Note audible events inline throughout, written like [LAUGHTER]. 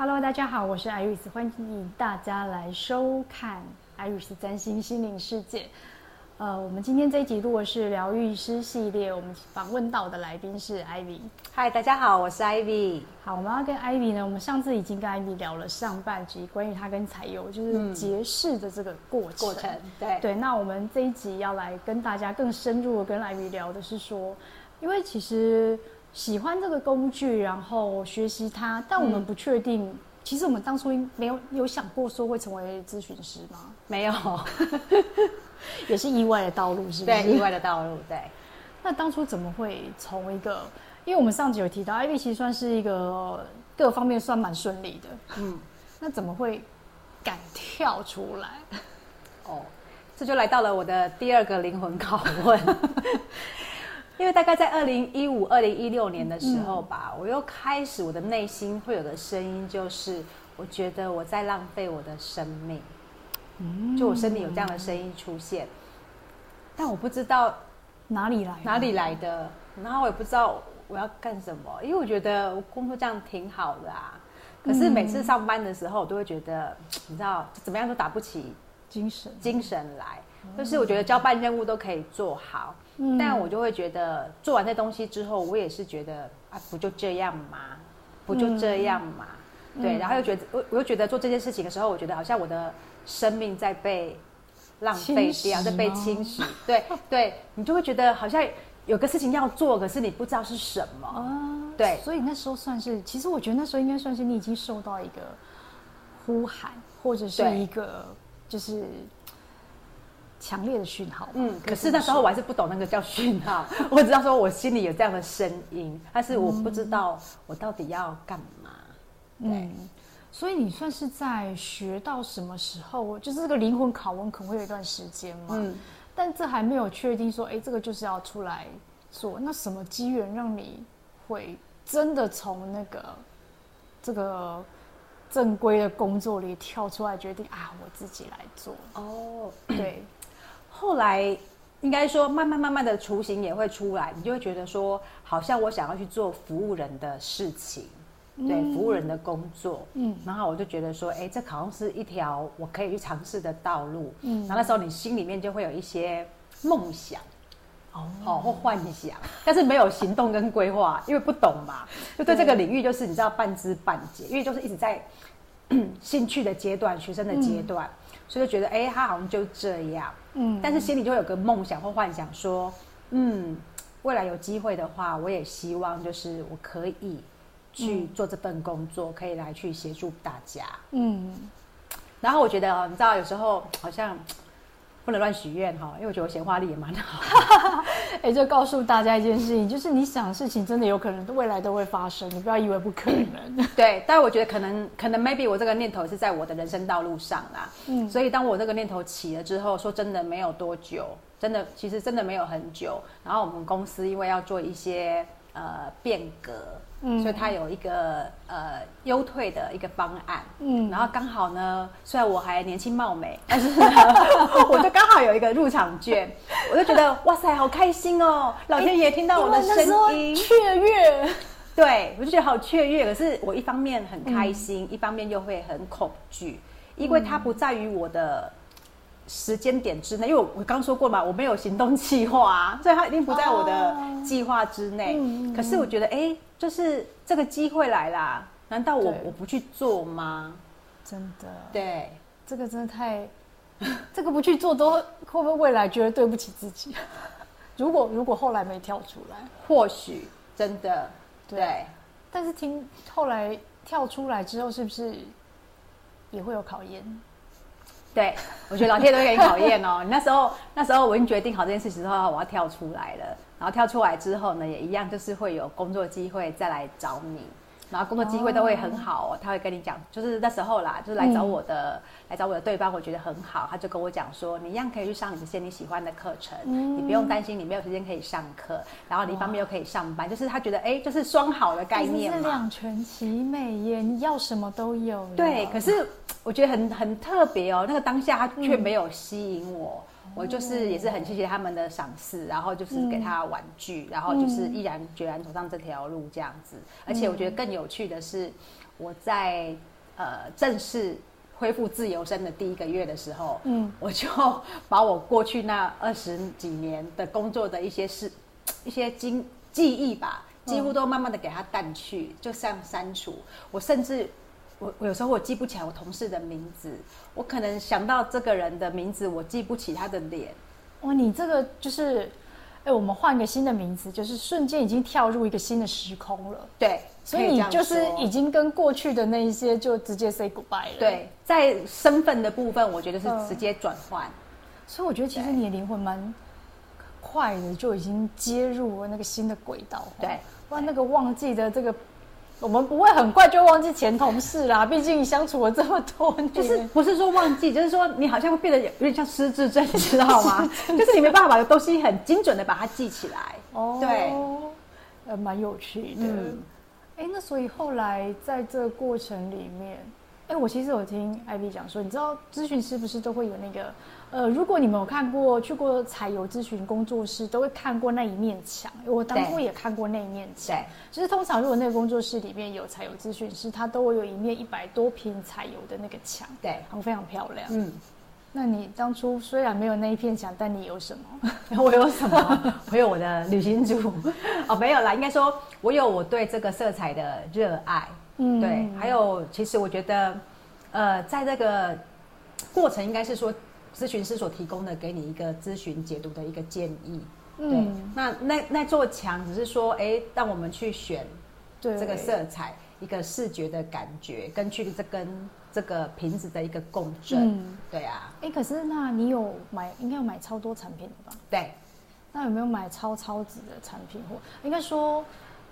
Hello，大家好，我是 Iris，歡迎大家來收看 Iris 占星心靈世界。呃，我們今天這一集錄的是療癒師系列，我們訪問到的來賓是 Ivy。Hi，大家好，我是 Ivy。好，我們要跟 Ivy 呢，我們上次已經跟 Ivy 聊了上半集，關於她跟彩油就是結識的這個過程。嗯，過程，對。對，那我們這一集要來跟大家更深入地跟 Ivy 聊的是說，因為其實。喜歡這個工具，然後學習它，但我們不確定。嗯、其實我們當初沒有有想過說會成為諮詢師嗎？沒有， [LAUGHS] 也是意外的道路，是不是？對，意外的道路。對。那當初怎麼會從一個，因為我們上集有提到，Ivy 其實算是一個各方面算蠻順利的。嗯。那怎麼會敢跳出來？哦，這就來到了我的第二個靈魂拷問。 [LAUGHS] 因為大概在二零一五、二零一六年的時候吧，我又開始我的內心會有的聲音，就是我覺得我在浪費我的生命，嗯，就我身體有這樣的聲音出現，但我不知道哪裡來，哪裡來的，然後我也不知道我要幹什麼，因為我覺得我工作這樣挺好的啊。可是每次上班的時候，我都會覺得，你知道怎麼樣都打不起精神，精神來，但是我覺得交辦任務都可以做好。但我就會覺得、嗯、做完這東西之後，我也是覺得啊，不就這樣嗎？不就這樣嗎？嗯、對，嗯、然後又覺得我，我又覺得做這件事情的時候，我覺得好像我的生命在被浪費掉，在、啊、被侵蝕。對對，你就會覺得好像有個事情要做，可是你不知道是什麼。嗯、對，所以那時候算是，其實我覺得那時候應該算是你已經受到一個呼喊，或者是一個對就是。強烈的訊號，嗯，可是那時候我還是不懂那個叫訊號， [LAUGHS] 我只知道說我心裡有這樣的聲音，但是我不知道我到底要幹嘛。嗯，對嗯，所以你算是在學到什麼時候，就是這個靈魂拷問，可能會有一段時間嘛，嗯，但這還沒有確定說，哎、欸，這個就是要出來做，那什麼機緣讓你會真的從那個這個正規的工作裡跳出來，決定啊，我自己來做哦，對。後來，應該說慢慢慢慢的雛形也會出來，你就會覺得說，好像我想要去做服務人的事情，對、嗯、服務人的工作，嗯，然後我就覺得說，哎，這好像是一條我可以去嘗試的道路，嗯，然後那時候你心裡面就會有一些夢想，嗯、哦，或幻想，但是沒有行動跟規劃， [LAUGHS] 因為不懂嘛，就對這個領域就是你知道半知半解，因為就是一直在 [COUGHS] 興趣的階段，學生的階段。嗯所以就覺得，哎、欸，他好像就這樣，嗯。但是心裡就會有個夢想或幻想，說，嗯，未來有機會的話，我也希望就是我可以去做這份工作，嗯、可以來去協助大家，嗯。然後我覺得，你知道，有時候好像。不能亂許願哈，因為我覺得我顯化力也蠻好。哎、 [LAUGHS] 欸，就告訴大家一件事情，就是你想的事情真的有可能未來都會發生，你不要以為不可能。 [COUGHS] 對，但是我覺得可能可能 maybe 我這個念頭是在我的人生道路上啦。嗯，所以當我這個念頭起了之後，說真的沒有多久，真的其實真的沒有很久。然後我們公司因為要做一些呃變革。嗯、所以他有一個呃優退的一個方案，嗯，然後剛好呢，雖然我還年輕貌美，但是 [LAUGHS] 我就剛好有一個入場券， [LAUGHS] 我就覺得哇塞，好開心哦！欸、老天爺聽到我的聲音，雀躍，對，我就覺得好雀躍。可是我一方面很開心，嗯、一方面又會很恐懼，因為它不在於我的時間點之內，嗯、因為我我剛說過嘛，我沒有行動計劃、啊，所以它一定不在我的計劃之內。啊嗯、可是我覺得，哎、欸。就是這個機會來啦，難道我對我不去做嗎？真的，對，這個真的太， [LAUGHS] 這個不去做，都會不會未來覺得對不起自己？ [LAUGHS] 如果如果後來沒跳出來，或許真的對，對，但是等後來跳出來之後，是不是也會有考驗？對，我覺得老天爺都會給你考驗哦。你那時候，那時候我已經決定好這件事情之後，我要跳出來了。然後跳出來之後呢，也一樣，就是會有工作機會再來找你。然後工作機會都會很好，哦，他會跟你講，就是那時候啦，就是來找我的，嗯、來找我的對方，我覺得很好，他就跟我講說，你一樣可以去上你之前，你喜歡的課程，嗯、你不用擔心你沒有時間可以上課，嗯、然後你一方面又可以上班，哇就是他覺得，哎，就是雙好的概念，這兩全其美耶，你要什麼都有。對，可是我覺得很很特別哦，那個當下他卻沒有吸引我。嗯我就是也是很謝謝他們的賞識，嗯、然後就是給他玩具，嗯、然後就是毅然決然走上這條路這樣子。嗯、而且我覺得更有趣的是，我在、嗯、呃正式恢復自由身的第一個月的時候，嗯，我就把我過去那二十幾年的工作的一些事、一些經記憶吧，幾乎都慢慢的給他淡去，嗯、就這樣刪除。我甚至。我有時候我記不起來我同事的名字，我可能想到這個人的名字，我記不起他的臉。哇、哦，你這個就是，哎、欸，我們換個新的名字，就是瞬間已經跳入一個新的時空了。對，所以你就是已經跟過去的那一些就直接 say goodbye 了。對，在身份的部分，我覺得是直接轉換、呃。所以我覺得其實你的靈魂蠻快的，對就已經接入了那個新的軌道。對，哇，那個忘記的這個。我們不會很快就忘記前同事啦，畢竟相處了這麼多年， [LAUGHS] 就是不是說忘記，就是說你好像會變得有點像失智症，你知道嗎？ [LAUGHS] 失智症就是你沒辦法把東西很精準的把它記起來。哦，對、嗯，蠻有趣的。哎、嗯欸，那所以後來在這個過程裡面，哎、欸，我其實有聽 Ivy 講說，你知道諮詢師不是都會有那個？呃，如果你們有看過去過彩油諮詢工作室，都會看過那一面牆。我當初也看過那一面牆。對，就是通常如果那個工作室裡面有彩油諮詢師，他都會有一面一百多瓶彩油的那個牆。對，然後非常漂亮。嗯，那你當初雖然沒有那一片牆，但你有什麼？ [LAUGHS] 我有什麼？ [LAUGHS] 我有我的旅行組。哦，沒有啦，應該說我有我對這個色彩的熱愛。嗯，對，還有其實我覺得，呃，在這個過程應該是說。諮詢師所提供的給你一個諮詢解讀的一個建議，嗯，對，那那那座牆只是說，哎，讓我們去選這個色彩，對一個視覺的感覺，根據這跟這個瓶子的一個共振，嗯、對啊，哎，可是那你有買，應該有買超多產品的吧？對，那有沒有買超超值的產品？或應該說，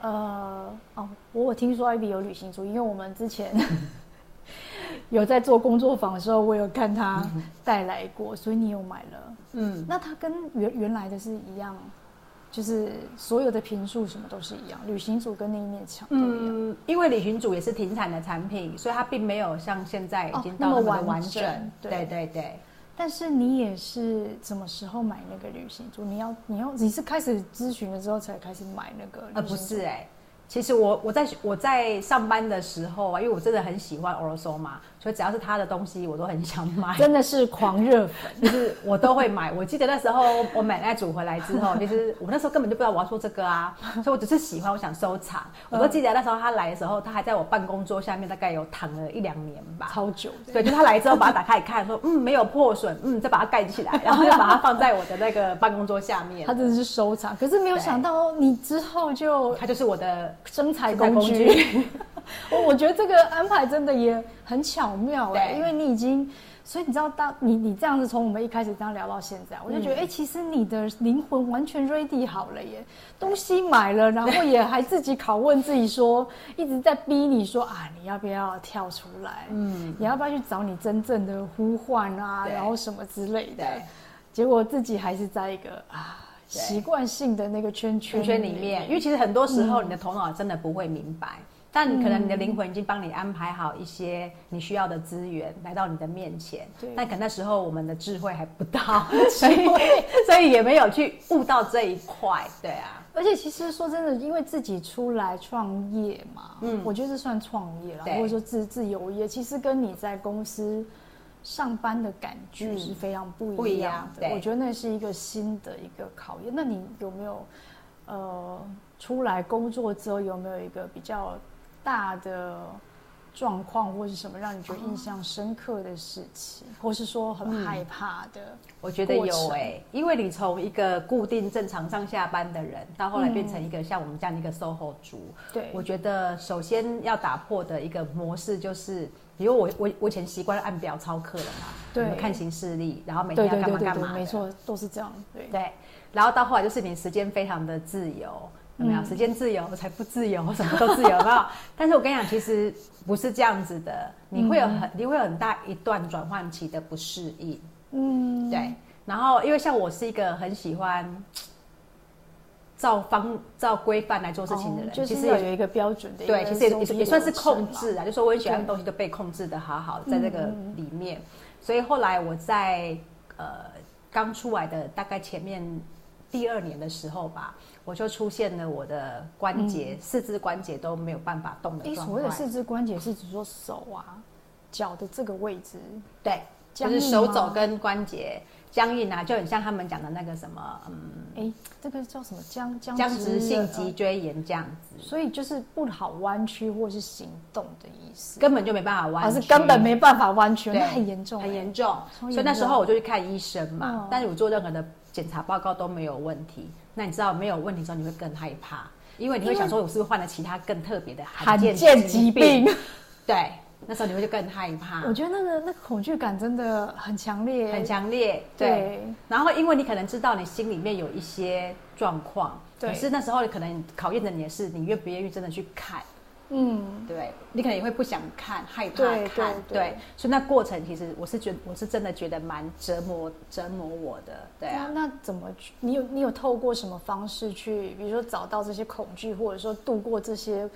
呃，哦，我有聽說 Ivy 有旅行組，因為我們之前、嗯。有在做工作坊的時候，我有看他帶來過，嗯、所以你有買了。嗯，那他跟原原來的是一樣，就是所有的瓶數什麼都是一樣。旅行組跟那一面牆都一樣。嗯、因為旅行組也是停產的產品，所以它並沒有像現在已經到那，完，哦、那麼完整。對對對。對對，但是你也是什麼時候買那個旅行組？你要你要你是開始諮詢了之後才開始買那個？呃，不是哎、欸，其實我我在我在上班的時候啊，因為我真的很喜歡 Aura-Soma 嘛。就只要是他的東西，我都很想買，真的是狂熱粉， [LAUGHS] 就是我都會買。我記得那時候我買那組回來之後，其、就是我那時候根本就不知道我要做這個啊，所以我只是喜歡，我想收藏。我都記得那時候他來的時候，他還在我辦公桌下面，大概有躺了一兩年吧，超久。對，就是、他來之後把它打開看，說嗯，沒有破損，嗯，再把它蓋起來，然後就把它放在我的那個辦公桌下面。他真的是收藏，可是沒有想到你之後就，他就是我的生財、財工具。 [LAUGHS] 我覺得這個安排真的也很巧妙哎，因為你已經，所以你知道，當你你這樣子從我們一開始這樣聊到現在，我就覺得，哎，其實你的靈魂完全 ready 好了耶，東西買了，然後也還自己拷問自己說，一直在逼你說啊，你要不要跳出來？嗯，你要不要去找你真正的呼喚啊，然後什麼之類的？結果自己還是在一個啊習慣性的那個圈圈圈裡面，因為其實很多時候你的頭腦真的不會明白。但可能你的靈魂已經幫你安排好一些你需要的資源來到你的面前，嗯、但可能那時候我們的智慧還不到，對所以所以也沒有去悟到這一塊。對啊，而且其實說真的，因為自己出來創業嘛，嗯，我覺得是算創業了，對或者說自自由業，其實跟你在公司上班的感覺是非常不一樣的。不一樣，對。我覺得那是一個新的一個考驗。那你有沒有呃出來工作之後有沒有一個比較？大的狀況或是什麼讓你覺得印象深刻的事情，嗯、或是說很害怕的，我覺得有哎、欸，因為你從一個固定正常上下班的人，到後來變成一個像我們這樣的一個 SOHO 族，對、嗯，我覺得首先要打破的一個模式就是，對比如我我我以前習慣按表操課的嘛，對，看行事曆，然後每天要幹嘛幹嘛。對對對對，沒錯，都是這樣，對，對，然後到後來就是你時間非常的自由。有沒有時間自由我才不自由？我什麼都自由，沒有。但是我跟你講，其實不是這樣子的。你會有很，你會有很大一段轉換期的不適應。嗯，對。然後，因為像我是一個很喜歡照，照方照規範來做事情的人，哦、就是要有一個標準的一個，對，其實也也算是控制啊。就是、說我很喜歡的東西都被控制的好好，在這個裡面。嗯、所以後來我在呃剛出來的大概前面。第二年的時候吧，我就出現了我的關節、嗯、四肢關節都沒有辦法動的地方。所謂的四肢關節是指說手啊、腳的這個位置，對，就是手肘跟關節僵硬啊，就很像他們講的那個什麼，嗯，哎，這個叫什麼僵僵？僵直，僵直性脊椎炎這樣子。所以就是不好彎曲或是行動的意思，根本就沒辦法彎，是根本沒辦法彎曲，那很嚴重，很嚴重。所以那時候我就去看醫生嘛，哦、但是我做任何的檢查報告都沒有問題，那你知道沒有問題之後你會更害怕，因為你會想說，我是不是患了其他更特別的罕見疾病？對，那時候你會就更害怕。我覺得那個那個恐懼感真的很強烈，很強烈。對，對，然後因為你可能知道你心裡面有一些狀況，對，可是那時候可能考驗的你也是，你願不願意真的去看。嗯，對，你可能也會不想看，害怕看，對，對，對，對，所以那過程其實我是覺得，我是真的覺得蠻折磨折磨我的。對啊，那，那怎麼去？你有你有透過什麼方式去？比如說找到這些恐懼，或者說度過這些？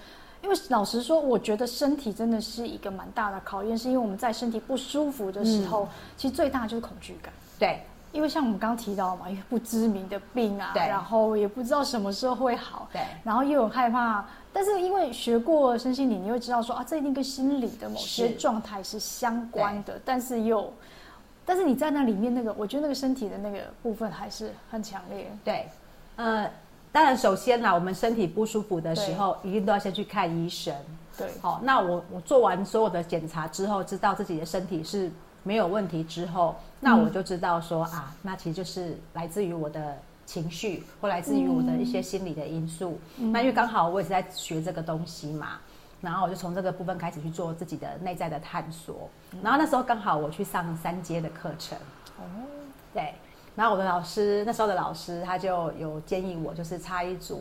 因為老實說，我覺得身體真的是一個蠻大的考驗，是因為我們在身體不舒服的時候，嗯，其實最大的就是恐懼感。對。因為像我們剛剛提到嘛，一個不知名的病啊，對然後也不知道什麼時候會好，對然後又有害怕，但是因為學過身心理，你會知道說啊，這一定跟心理的某些狀態是相關的，是但是又，但是你在那裡面那個，我覺得那個身體的那個部分還是很強烈。對，呃，當然首先啦，我們身體不舒服的時候，對一定都要先去看醫生。對，好、哦，那我我做完所有的檢查之後，知道自己的身體是。沒有問題之後，那我就知道說、嗯、啊，那其實就是來自於我的情緒，或來自於我的一些心理的因素。嗯、那因為剛好我也是在學這個東西嘛，嗯、然後我就從這個部分開始去做自己的內在的探索。嗯、然後那時候剛好我去上三階的課程，哦、嗯，對，然後我的老師那時候的老師他就有建議我就是插一組。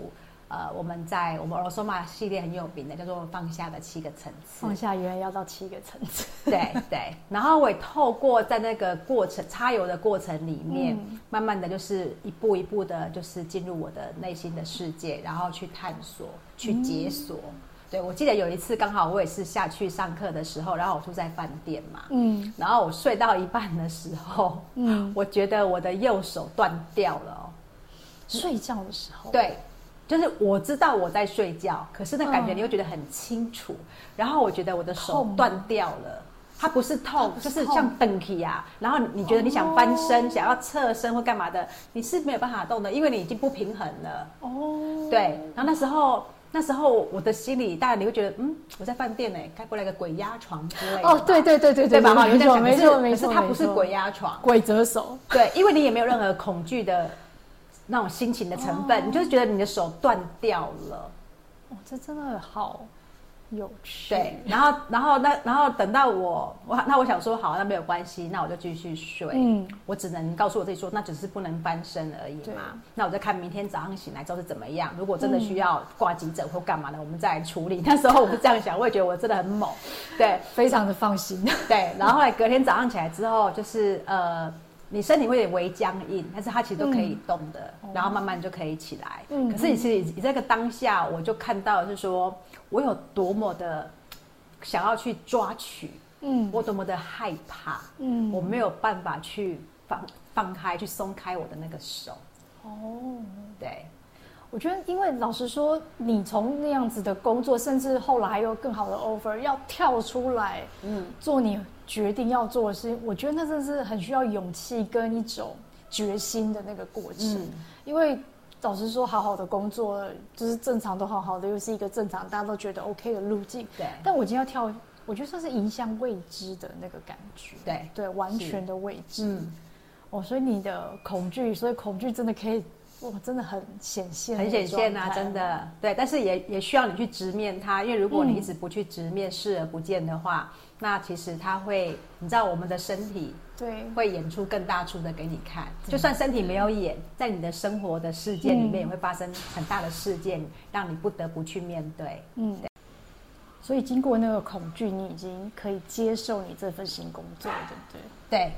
呃，我們在我們羅索瑪系列很有名的叫做《放下》的七個層次。嗯、放下原來要到七個層次。對對。然後我也透過在那個過程擦油的過程裡面，嗯、慢慢的就是一步一步的，就是進入我的內心的世界，然後去探索、去解鎖。嗯、對，我記得有一次剛好我也是下去上課的時候，然後我住在飯店嘛，嗯，然後我睡到一半的時候，嗯，我覺得我的右手斷掉了、哦。睡覺的時候？對。就是我知道我在睡覺，可是那感覺你會覺得很清楚。然後我覺得我的手斷掉了，它不是痛，就是像斷體啊。然後你覺得你想翻身，想要側身或幹嘛的，你是沒有辦法動的，因為你已經不平衡了。哦，對。然後那時候，那時候我的心裡，大概你會覺得，嗯，我在飯店呢，該不會來個鬼壓床之類哦，對對對對對，沒錯沒錯沒錯。可是它不是鬼壓床，鬼折手。對，因為你也沒有任何恐懼的。那種心情的成分，哦、你就是覺得你的手斷掉了，我、哦、這真的好有趣。對，然後，然後那，然後等到我，我那我想說，好、啊，那沒有關係，那我就繼續睡。嗯，我只能告訴我自己說，那只是不能翻身而已嘛。對那我再看明天早上醒來之後是怎麼樣。如果真的需要掛急診或幹嘛的，嗯、我們再來處理。那時候我是這樣想，我也覺得我真的很猛，對，非常的放心。對，然後後來隔天早上起來之後，就是呃。你身體會有點微僵硬，但是它其實都可以動的，嗯、然後慢慢就可以起來。嗯、可是，你其實你這個當下，我就看到就是說我有多麼的想要去抓取，嗯，我多麼的害怕，嗯，我沒有辦法去放放開、去鬆開我的那個手，哦、嗯，對。我覺得，因為老實說，你從那樣子的工作，甚至後來還有更好的 offer，要跳出來，嗯，做你決定要做的事情，嗯、我覺得那真的是很需要勇氣跟一種決心的那個過程。嗯、因為老實說，好好的工作就是正常都好好的，又、就是一個正常大家都覺得 OK 的路徑。對，但我今天要跳，我覺得算是迎向未知的那個感覺。對，對，完全的未知。嗯、哦，所以你的恐懼，所以恐懼真的可以。哇，真的很顯現，很顯現吶，真的。對，但是也也需要你去直面它，因為如果你一直不去直面、嗯、視而不見的話，那其實它會，你知道我們的身體，對，會演出更大出的給你看。對就算身體沒有演，在你的生活的事件裡面，也會發生很大的事件，嗯、讓你不得不去面對。對。嗯。所以經過那個恐懼，你已經可以接受你這份新工作，對不對？對。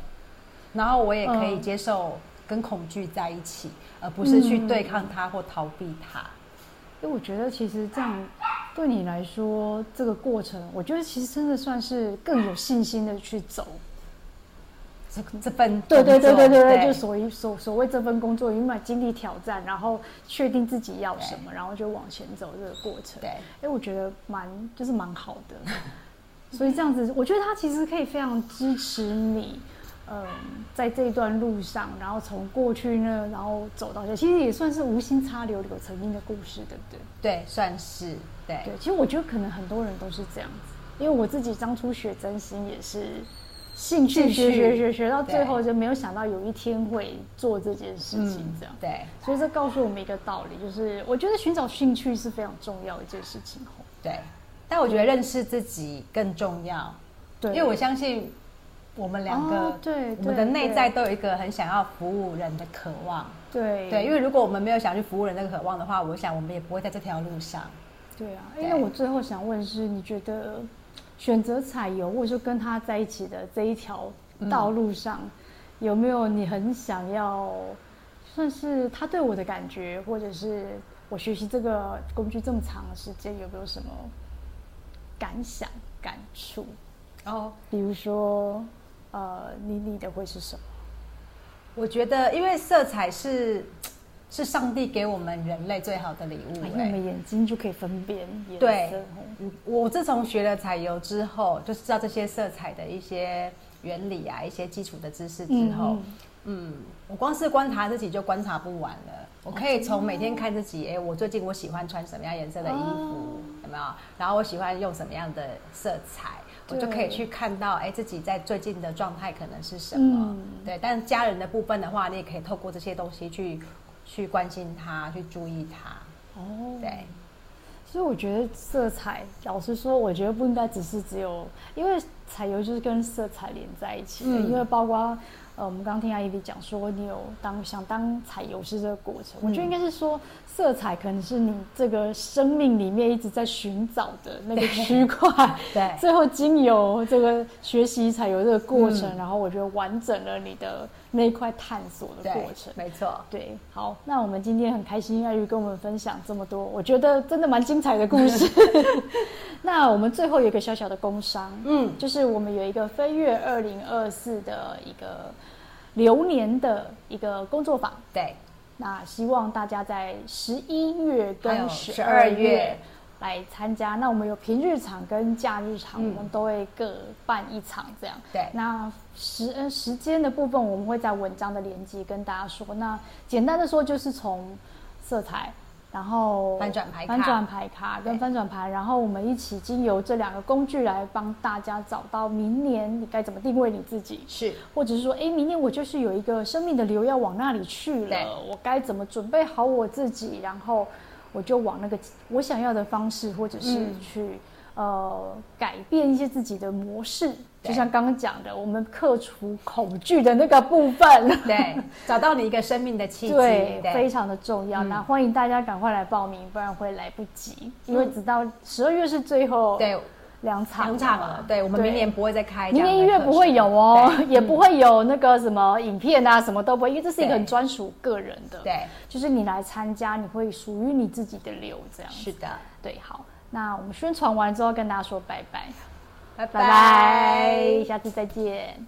然後我也可以接受、嗯。跟恐懼在一起，而不是去對抗它或逃避它。因為、嗯欸、我覺得，其實這樣、啊、對你來說，這個過程，我覺得其實真的算是更有信心的去走。這這份對對對對對對，對就所謂所所謂這份工作，因為經歷挑戰，然後確定自己要什麼，對然後就往前走這個過程。對，哎、欸，我覺得蠻就是蠻好的。 [LAUGHS] 所以這樣子，我覺得他其實可以非常支持你。嗯，在這一段路上，然後從過去呢，然後走到這，其實也算是無心插柳，柳成蔭的故事，對不對？對，算是對。對，其實我覺得可能很多人都是這樣子，因為我自己當初學真心也是興趣，興趣學學學到最後就沒有想到有一天會做這件事情，這樣對。嗯、對，所以這告訴我們一個道理，就是我覺得尋找興趣是非常重要的一件事情。對，但我覺得認識自己更重要。嗯、對，因為我相信。我們兩個，哦、對，我們的內在都有一個很想要服務人的渴望，對，對，因為如果我們沒有想去服務人的渴望的話，我想我們也不會在這條路上。對啊，對，因為我最後想問的是，你覺得選擇彩油，或者說跟他在一起的這一條道路上，嗯、有沒有你很想要，算是他對我的感覺，或者是我學習這個工具這麼長的時間，有沒有什麼感想、感觸？哦，比如說。呃，你你的會是什麼？我覺得，因為色彩是是上帝給我們人類最好的禮物，欸，哎，我們眼睛就可以分辨顏色對。我自從學了彩油之後，就是，知道這些色彩的一些原理啊，一些基礎的知識之後，嗯，嗯，嗯，我光是觀察自己就觀察不完了。我可以從每天看自己，哎，欸，我最近我喜歡穿什麼樣顏色的衣服，哦，有沒有？然後我喜歡用什麼樣的色彩，我就可以去看到，哎、欸，自己在最近的狀態可能是什麼？嗯、對，但是家人的部分的話，你也可以透過這些東西去去關心他，去注意他。哦，對。所以我覺得色彩，老實說，我覺得不應該只是只有，因為彩油就是跟色彩連在一起的，嗯、因為包括。呃、嗯，我們剛剛聽 Ivy 你講說，你有當想當彩油師這個過程，嗯、我覺得應該是說色彩可能是你這個生命裡面一直在尋找的那個區塊，對，最後經由這個學習彩油這個過程，嗯、然後我覺得完整了你的。那一塊探索的過程，沒錯，對，好，那我們今天很開心，Ivy 跟我們分享這麼多，我覺得真的蠻精彩的故事。 [LAUGHS] [LAUGHS] 那我們最後有一個小小的工商，嗯，就是我們有一個飛躍二零二四的一個流年的一個工作坊，對，那希望大家在十一月跟十二月、月。來參加，那我們有平日場跟假日場，我們、嗯、都會各辦一場這樣。對，那時呃時間的部分，我們會在文章的連結跟大家說。那簡單的說，就是從色彩，然後翻轉牌、翻轉牌卡跟翻轉盤，對然後我們一起經由這兩個工具來幫大家找到明年你該怎麼定位你自己，是或者是說，哎，明年我就是有一個生命的流要往那裡去了，對我該怎麼準備好我自己，然後。我就往那個我想要的方式，或者是去、嗯、呃改變一些自己的模式，對就像剛剛講的，我們克服恐懼的那個部分，對， [LAUGHS] 找到你一個生命的契機，對，對非常的重要。那、嗯、歡迎大家趕快來報名，不然會來不及，對因為直到十二月是最後。對。兩場，兩場了。對，我們明年不會再開。明年音樂不會有哦，對也不會有那個什麼影片啊，什麼都不會，因為這是一個很專屬個人的。對，就是你來參加，你會屬於你自己的流這樣。是的對，對，好，那我們宣傳完之後跟大家說拜拜，拜拜，拜拜，下次再見。